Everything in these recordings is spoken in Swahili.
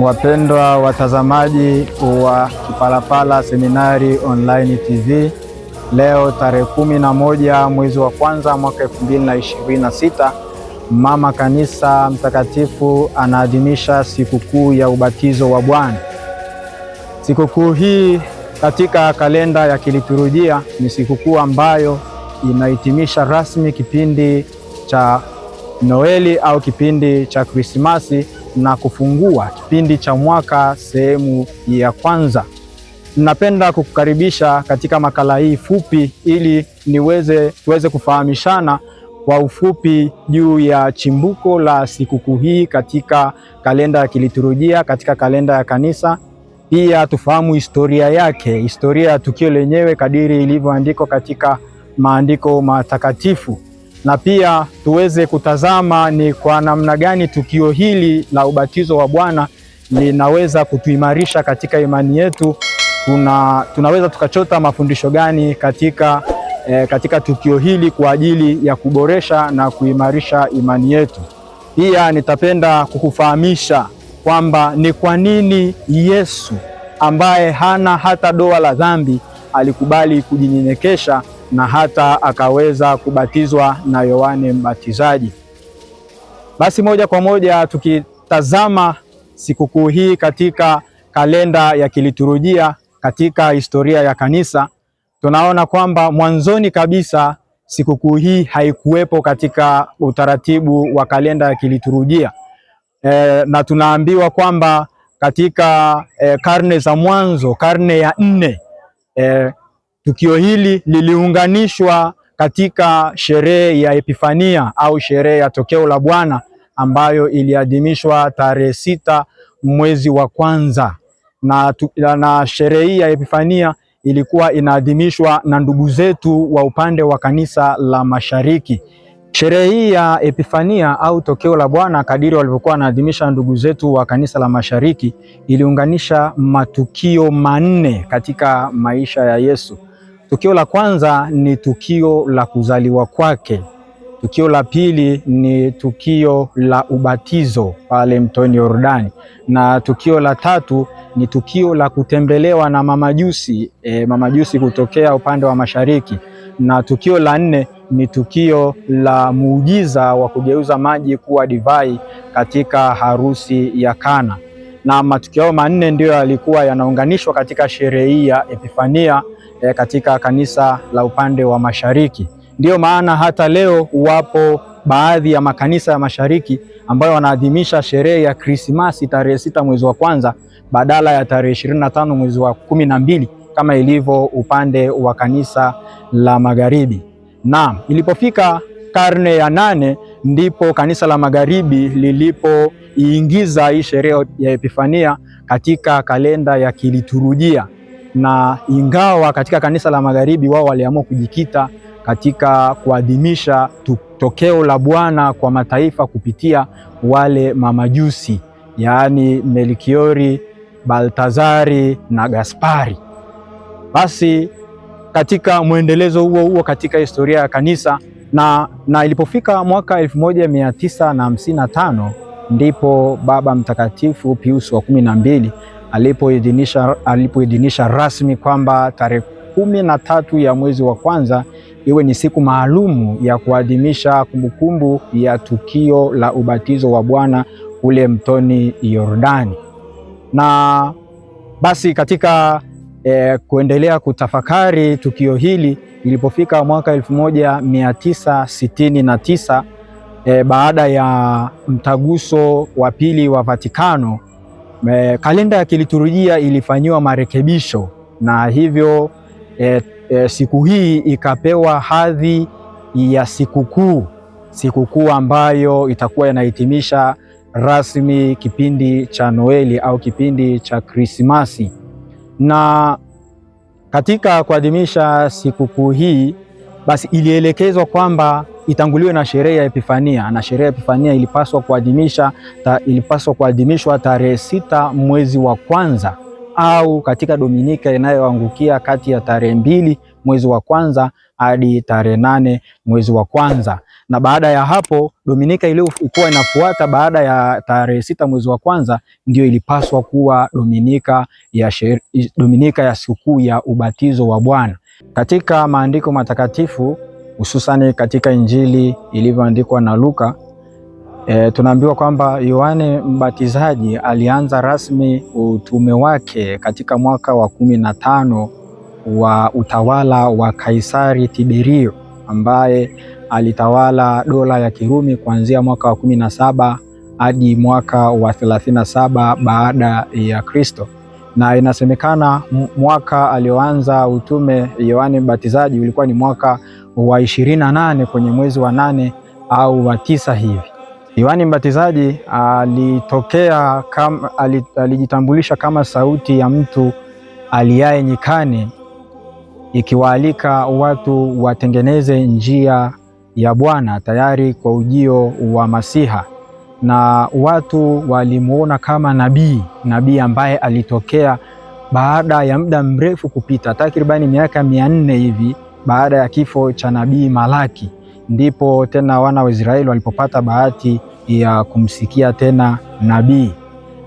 Wapendwa watazamaji wa Kipalapala Seminari Online TV, leo tarehe kumi na moja mwezi wa kwanza mwaka 2026 Mama Kanisa Mtakatifu anaadhimisha sikukuu ya ubatizo wa Bwana. Sikukuu hii katika kalenda ya kiliturujia ni sikukuu ambayo inahitimisha rasmi kipindi cha Noeli au kipindi cha Krismasi na kufungua kipindi cha mwaka sehemu ya kwanza. Napenda kukukaribisha katika makala hii fupi ili niweze tuweze kufahamishana kwa ufupi juu ya chimbuko la sikukuu hii katika kalenda ya kiliturujia, katika kalenda ya kanisa. Pia tufahamu historia yake, historia ya tukio lenyewe kadiri ilivyoandikwa katika maandiko matakatifu na pia tuweze kutazama ni kwa namna gani tukio hili la ubatizo wa Bwana linaweza kutuimarisha katika imani yetu. Tuna, tunaweza tukachota mafundisho gani katika, eh, katika tukio hili kwa ajili ya kuboresha na kuimarisha imani yetu. Pia nitapenda kukufahamisha kwamba ni kwa nini Yesu ambaye hana hata doa la dhambi alikubali kujinyenyekesha na hata akaweza kubatizwa na Yohane Mbatizaji. Basi moja kwa moja tukitazama sikukuu hii katika kalenda ya kiliturujia katika historia ya kanisa, tunaona kwamba mwanzoni kabisa sikukuu hii haikuwepo katika utaratibu wa kalenda ya kiliturujia e, na tunaambiwa kwamba katika e, karne za mwanzo, karne ya nne e, Tukio hili liliunganishwa katika sherehe ya Epifania au sherehe ya tokeo la Bwana ambayo iliadhimishwa tarehe sita mwezi wa kwanza na, na sherehe hii ya Epifania ilikuwa inaadhimishwa na ndugu zetu wa upande wa kanisa la Mashariki. Sherehe hii ya Epifania au tokeo la Bwana kadiri walivyokuwa wanaadhimisha ndugu zetu wa kanisa la Mashariki iliunganisha matukio manne katika maisha ya Yesu. Tukio la kwanza ni tukio la kuzaliwa kwake. Tukio la pili ni tukio la ubatizo pale mtoni Yordani, na tukio la tatu ni tukio la kutembelewa na mamajusi e, mamajusi kutokea upande wa mashariki, na tukio la nne ni tukio la muujiza wa kugeuza maji kuwa divai katika harusi ya Kana, na matukio hayo manne ndiyo yalikuwa yanaunganishwa katika sherehe hii ya Epifania e, katika kanisa la upande wa mashariki. Ndiyo maana hata leo wapo baadhi ya makanisa ya mashariki ambayo wanaadhimisha sherehe ya Krismasi tarehe sita mwezi wa kwanza badala ya tarehe ishirini na tano mwezi wa kumi na mbili kama ilivyo upande wa kanisa la magharibi. Naam, ilipofika karne ya nane ndipo kanisa la magharibi lilipoiingiza hii sherehe ya Epifania katika kalenda ya kiliturujia na ingawa katika kanisa la magharibi wao waliamua kujikita katika kuadhimisha tokeo la Bwana kwa mataifa kupitia wale mamajusi, yaani Melkiori, Baltazari na Gaspari. Basi katika mwendelezo huo huo katika historia ya kanisa na, na ilipofika mwaka 1955 ndipo Baba Mtakatifu Pius wa kumi na mbili alipoidhinisha alipoidhinisha rasmi kwamba tarehe kumi na tatu ya mwezi wa kwanza iwe ni siku maalumu ya kuadhimisha kumbukumbu ya tukio la ubatizo wa Bwana ule mtoni Yordani. Na basi katika eh, kuendelea kutafakari tukio hili ilipofika mwaka 1969 eh, baada ya mtaguso wa pili wa Vatikano E, kalenda ya kiliturujia ilifanyiwa marekebisho na hivyo e, e, siku hii ikapewa hadhi ya sikukuu, sikukuu ambayo itakuwa inahitimisha rasmi kipindi cha Noeli au kipindi cha Krismasi. Na katika kuadhimisha sikukuu hii basi ilielekezwa kwamba itanguliwe na sherehe ya Epifania, na sherehe ya Epifania ilipaswa kuadhimisha ta, ilipaswa kuadhimishwa tarehe sita mwezi wa kwanza au katika Dominika inayoangukia kati ya tarehe mbili mwezi wa kwanza hadi tarehe nane mwezi wa kwanza. Na baada ya hapo Dominika iliyokuwa inafuata baada ya tarehe sita mwezi wa kwanza ndio ilipaswa kuwa Dominika ya, Dominika ya sikukuu ya ubatizo wa Bwana. Katika maandiko matakatifu hususani katika Injili ilivyoandikwa na Luka e, tunaambiwa kwamba Yohane Mbatizaji alianza rasmi utume wake katika mwaka wa kumi na tano wa utawala wa Kaisari Tiberio ambaye alitawala dola ya Kirumi kuanzia mwaka wa kumi na saba hadi mwaka wa thelathini na saba baada ya Kristo na inasemekana mwaka alioanza utume Yohane Mbatizaji ulikuwa ni mwaka wa ishirini na nane kwenye mwezi wa nane au wa tisa hivi. Yohane Mbatizaji alitokea kam, alijitambulisha kama sauti ya mtu aliaye nyikani, ikiwaalika watu watengeneze njia ya Bwana tayari kwa ujio wa Masiha na watu walimwona kama nabii, nabii ambaye alitokea baada ya muda mrefu kupita, takribani miaka mia nne hivi baada ya kifo cha nabii Malaki, ndipo tena wana wa Israeli walipopata bahati ya kumsikia tena nabii.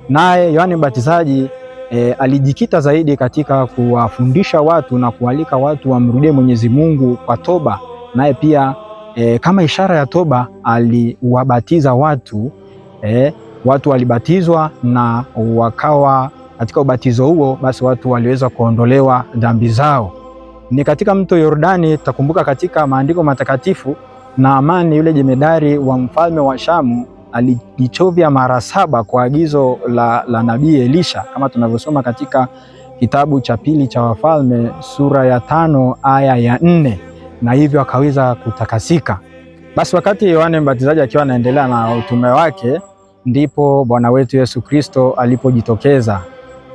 Naye Yohane Mbatizaji e, alijikita zaidi katika kuwafundisha watu na kualika watu wamrudie Mwenyezi Mungu kwa toba. Naye pia e, kama ishara ya toba aliwabatiza watu eh, watu walibatizwa na wakawa katika ubatizo huo, basi watu waliweza kuondolewa dhambi zao. Ni katika mto Yordani, tutakumbuka katika maandiko matakatifu, Naamani yule jemedari wa mfalme wa Shamu alijichovya mara saba kwa agizo la, la nabii Elisha kama tunavyosoma katika kitabu cha pili cha Wafalme sura ya tano aya ya nne na hivyo akaweza kutakasika. Basi wakati Yohane Mbatizaji akiwa anaendelea na utume wake ndipo Bwana wetu Yesu Kristo alipojitokeza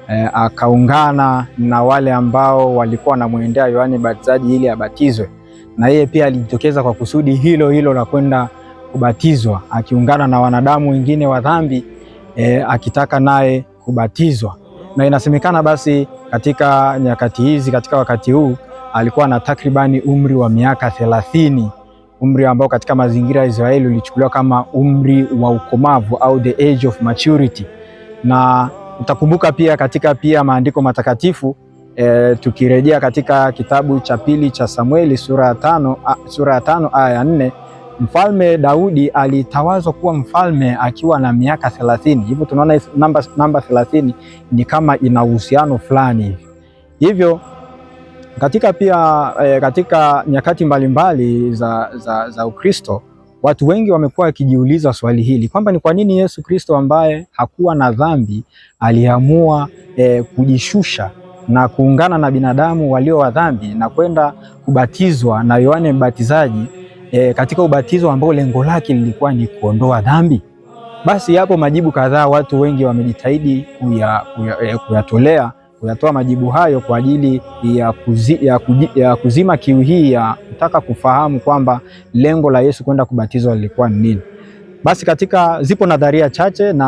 e, akaungana na wale ambao walikuwa wanamwendea Yohani Mbatizaji ili abatizwe, na yeye pia alijitokeza kwa kusudi hilo hilo la kwenda kubatizwa, akiungana na wanadamu wengine wa dhambi e, akitaka naye kubatizwa. Na inasemekana basi katika nyakati hizi, katika wakati huu alikuwa na takribani umri wa miaka thelathini umri ambao katika mazingira ya Israeli ulichukuliwa kama umri wa ukomavu au the age of maturity, na utakumbuka pia katika pia maandiko matakatifu e, tukirejea katika kitabu cha pili cha Samueli sura ya tano, sura ya tano aya ya nne Mfalme Daudi alitawazwa kuwa mfalme akiwa na miaka thelathini. Hivyo tunaona namba namba thelathini ni kama ina uhusiano fulani hivi hivyo katika pia e, katika nyakati mbalimbali mbali za, za, za Ukristo watu wengi wamekuwa wakijiuliza swali hili kwamba ni kwa nini Yesu Kristo ambaye hakuwa na dhambi aliamua e, kujishusha na kuungana na binadamu walio wa dhambi na kwenda kubatizwa na Yohane Mbatizaji e, katika ubatizo ambao lengo lake lilikuwa ni kuondoa dhambi. Basi yapo majibu kadhaa watu wengi wamejitahidi kuyatolea kuya, kuya kuyatoa majibu hayo kwa ajili ya, kuzi, ya, kuji, ya kuzima kiu hii ya kutaka kufahamu kwamba lengo la Yesu kwenda kubatizwa lilikuwa ni nini. Basi katika zipo nadharia chache na,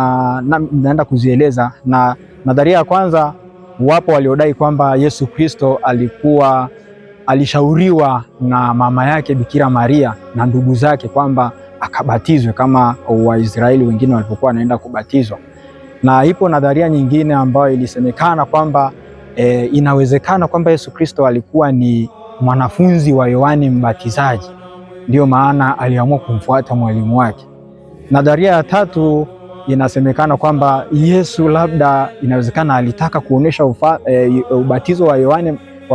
na naenda kuzieleza, na nadharia ya kwanza, wapo waliodai kwamba Yesu Kristo alikuwa alishauriwa na mama yake Bikira Maria na ndugu zake kwamba akabatizwe kama Waisraeli wengine walipokuwa wanaenda kubatizwa. Na ipo nadharia nyingine ambayo ilisemekana kwamba e, inawezekana kwamba Yesu Kristo alikuwa ni mwanafunzi wa Yohane Mbatizaji, ndiyo maana aliamua kumfuata mwalimu wake. Nadharia ya tatu inasemekana kwamba Yesu labda inawezekana alitaka kuonesha ufa, e, ubatizo wa Yohane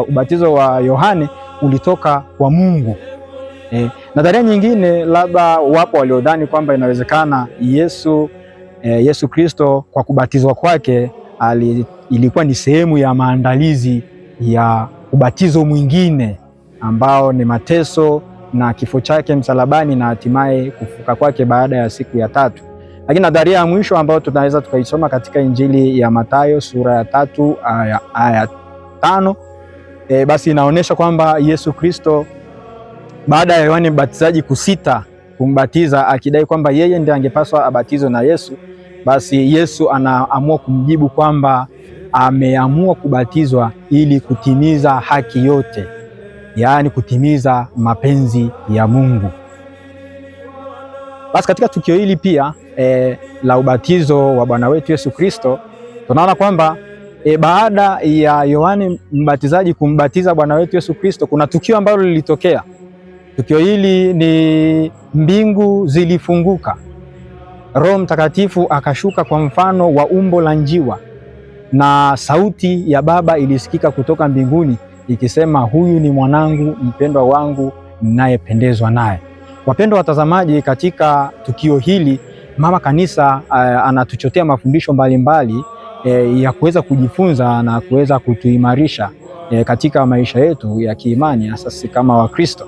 ubatizo wa Yohane ulitoka kwa Mungu. E, nadharia nyingine labda wapo waliodhani kwamba inawezekana Yesu e, Yesu Kristo kwa kubatizwa kwake ali, ilikuwa ni sehemu ya maandalizi ya ubatizo mwingine ambao ni mateso na kifo chake msalabani na hatimaye kufuka kwake baada ya siku ya tatu. Lakini nadharia ya mwisho ambayo tunaweza tukaisoma katika Injili ya Mathayo sura ya tatu aya, aya tano e, basi inaonyesha kwamba Yesu Kristo baada ya Yohani Mbatizaji kusita kumbatiza akidai kwamba yeye ndiye angepaswa abatizwe na Yesu basi Yesu anaamua kumjibu kwamba ameamua kubatizwa ili kutimiza haki yote, yaani kutimiza mapenzi ya Mungu. Basi katika tukio hili pia e, la ubatizo wa Bwana wetu Yesu Kristo tunaona kwamba e, baada ya Yohane Mbatizaji kumbatiza Bwana wetu Yesu Kristo kuna tukio ambalo lilitokea. Tukio hili ni mbingu zilifunguka. Roho Mtakatifu akashuka kwa mfano wa umbo la njiwa, na sauti ya Baba ilisikika kutoka mbinguni ikisema, huyu ni mwanangu mpendwa wangu ninayependezwa naye. Wapendwa watazamaji, katika tukio hili mama kanisa uh, anatuchotea mafundisho mbalimbali mbali, eh, ya kuweza kujifunza na kuweza kutuimarisha eh, katika maisha yetu ya kiimani hasa kama Wakristo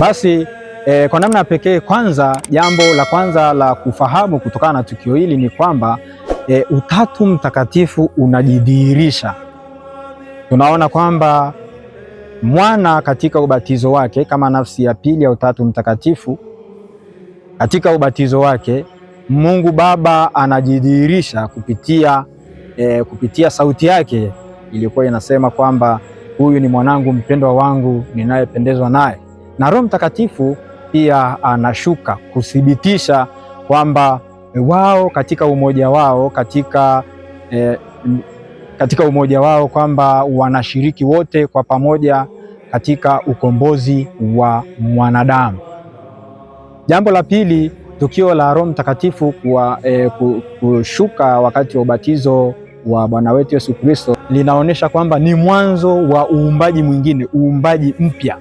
basi E, kwa namna pekee, kwanza jambo la kwanza la kufahamu kutokana na tukio hili ni kwamba e, Utatu Mtakatifu unajidhihirisha. Tunaona kwamba mwana katika ubatizo wake kama nafsi ya pili ya Utatu Mtakatifu, katika ubatizo wake Mungu Baba anajidhihirisha kupitia, e, kupitia sauti yake iliyokuwa inasema kwamba huyu ni mwanangu mpendwa wangu ninayependezwa naye, na Roho Mtakatifu pia anashuka kuthibitisha kwamba wao katika umoja wao katika eh, katika umoja wao kwamba wanashiriki wote kwa pamoja katika ukombozi wa mwanadamu. Jambo la pili, tukio la Roho Mtakatifu kwa eh, kushuka wakati wa ubatizo wa Bwana wetu Yesu Kristo linaonyesha kwamba ni mwanzo wa uumbaji mwingine, uumbaji mpya,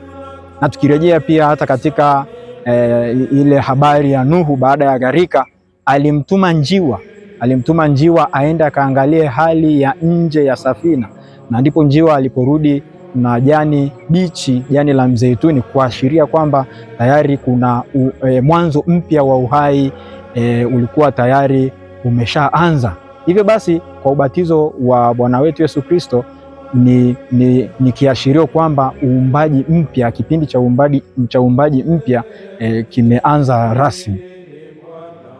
na tukirejea pia hata katika e, ile habari ya Nuhu baada ya gharika, alimtuma njiwa, alimtuma njiwa aende akaangalie hali ya nje ya safina, na ndipo njiwa aliporudi na jani bichi, jani la mzeituni, kuashiria kwamba tayari kuna u, e, mwanzo mpya wa uhai e, ulikuwa tayari umeshaanza. Hivyo basi kwa ubatizo wa Bwana wetu Yesu Kristo ni, ni, ni kiashirio kwamba uumbaji mpya, kipindi cha uumbaji cha uumbaji mpya e, kimeanza rasmi.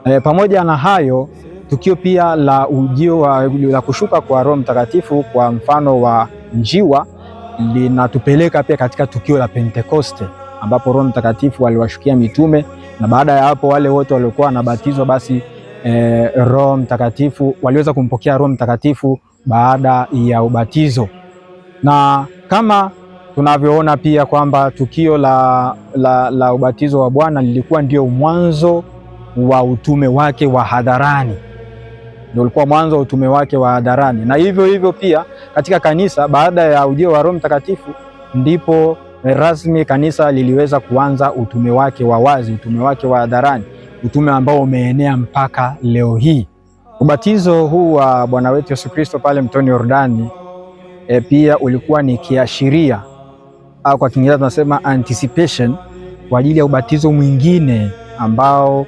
E, pamoja na hayo tukio pia la ujio wa, la kushuka kwa Roho Mtakatifu kwa mfano wa njiwa linatupeleka pia katika tukio la Pentekoste ambapo Roho Mtakatifu aliwashukia mitume na baada ya hapo wale wote waliokuwa wanabatizwa basi e, Roho Mtakatifu waliweza kumpokea Roho Mtakatifu baada ya ubatizo na kama tunavyoona pia kwamba tukio la, la, la ubatizo wa Bwana lilikuwa ndio mwanzo wa utume wake wa hadharani, ndio ulikuwa mwanzo wa utume wake wa hadharani. Na hivyo hivyo pia katika kanisa, baada ya ujio wa Roho Mtakatifu ndipo rasmi kanisa liliweza kuanza utume wake wa wazi, utume wake wa hadharani, utume ambao umeenea mpaka leo hii. Ubatizo huu wa Bwana wetu Yesu Kristo pale mtoni Yordani e, pia ulikuwa ni kiashiria au kwa Kiingereza tunasema anticipation kwa ajili ya ubatizo mwingine ambao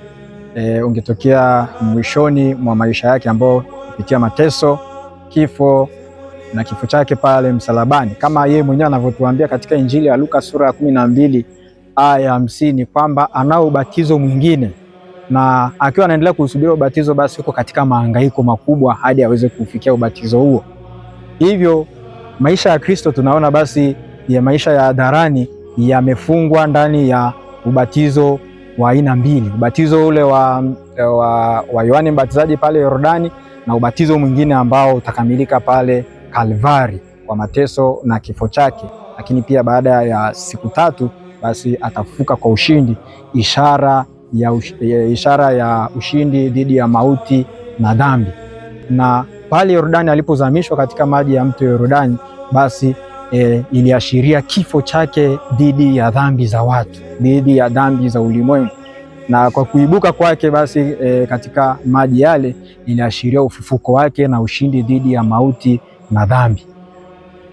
e, ungetokea mwishoni mwa maisha yake, ambao kupitia mateso, kifo na kifo chake pale msalabani, kama yeye mwenyewe anavyotuambia katika Injili ya Luka sura ya kumi na mbili aya ya hamsini kwamba anao ubatizo mwingine, na akiwa anaendelea kusubiria ubatizo, basi yuko katika mahangaiko makubwa hadi aweze kufikia ubatizo huo, hivyo maisha ya Kristo tunaona basi ya maisha ya hadharani yamefungwa ndani ya ubatizo wa aina mbili, ubatizo ule wa, wa, wa Yohane Mbatizaji pale Yordani na ubatizo mwingine ambao utakamilika pale Kalvari kwa mateso na kifo chake, lakini pia baada ya siku tatu basi atafuka kwa ushindi, ishara ya, ush, ishara ya ushindi dhidi ya mauti na dhambi na pale Yordani alipozamishwa katika maji ya mto Yordani, basi e, iliashiria kifo chake dhidi ya dhambi za watu, dhidi ya dhambi za ulimwengu. Na kwa kuibuka kwake basi e, katika maji yale iliashiria ufufuko wake na ushindi dhidi ya mauti na dhambi.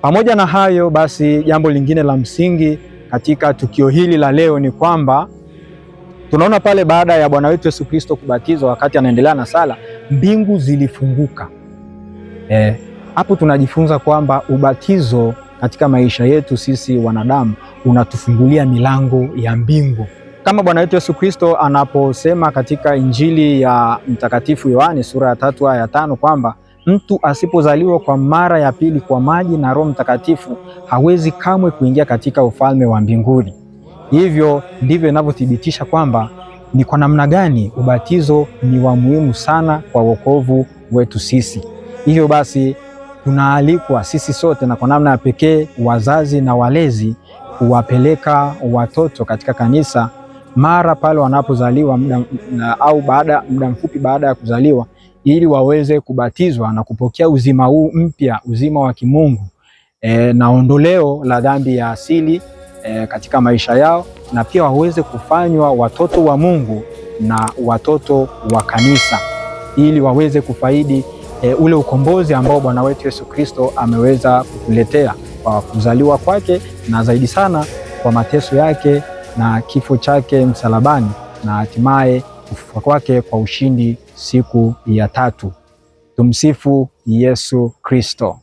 Pamoja na hayo basi, jambo lingine la msingi katika tukio hili la leo ni kwamba tunaona pale baada ya Bwana wetu Yesu Kristo kubatizwa, wakati anaendelea na sala, mbingu zilifunguka. Eh, hapo eh, tunajifunza kwamba ubatizo katika maisha yetu sisi wanadamu unatufungulia milango ya mbingu kama Bwana wetu Yesu Kristo anaposema katika Injili ya Mtakatifu Yohane sura ya tatu aya ya tano kwamba mtu asipozaliwa kwa mara ya pili kwa maji na Roho Mtakatifu hawezi kamwe kuingia katika ufalme wa mbinguni. Hivyo ndivyo inavyothibitisha kwamba ni kwa namna gani ubatizo ni wa muhimu sana kwa wokovu wetu sisi. Hivyo basi tunaalikwa sisi sote na kwa namna ya pekee wazazi na walezi kuwapeleka watoto katika kanisa mara pale wanapozaliwa muda, au baada muda mfupi baada ya kuzaliwa ili waweze kubatizwa na kupokea uzima huu mpya, uzima wa kimungu e, na ondoleo la dhambi ya asili e, katika maisha yao, na pia waweze kufanywa watoto wa Mungu na watoto wa kanisa ili waweze kufaidi e, ule ukombozi ambao Bwana wetu Yesu Kristo ameweza kutuletea kwa kuzaliwa kwake na zaidi sana kwa mateso yake na kifo chake msalabani na hatimaye kufufuka kwake kwa ushindi siku ya tatu. Tumsifu Yesu Kristo.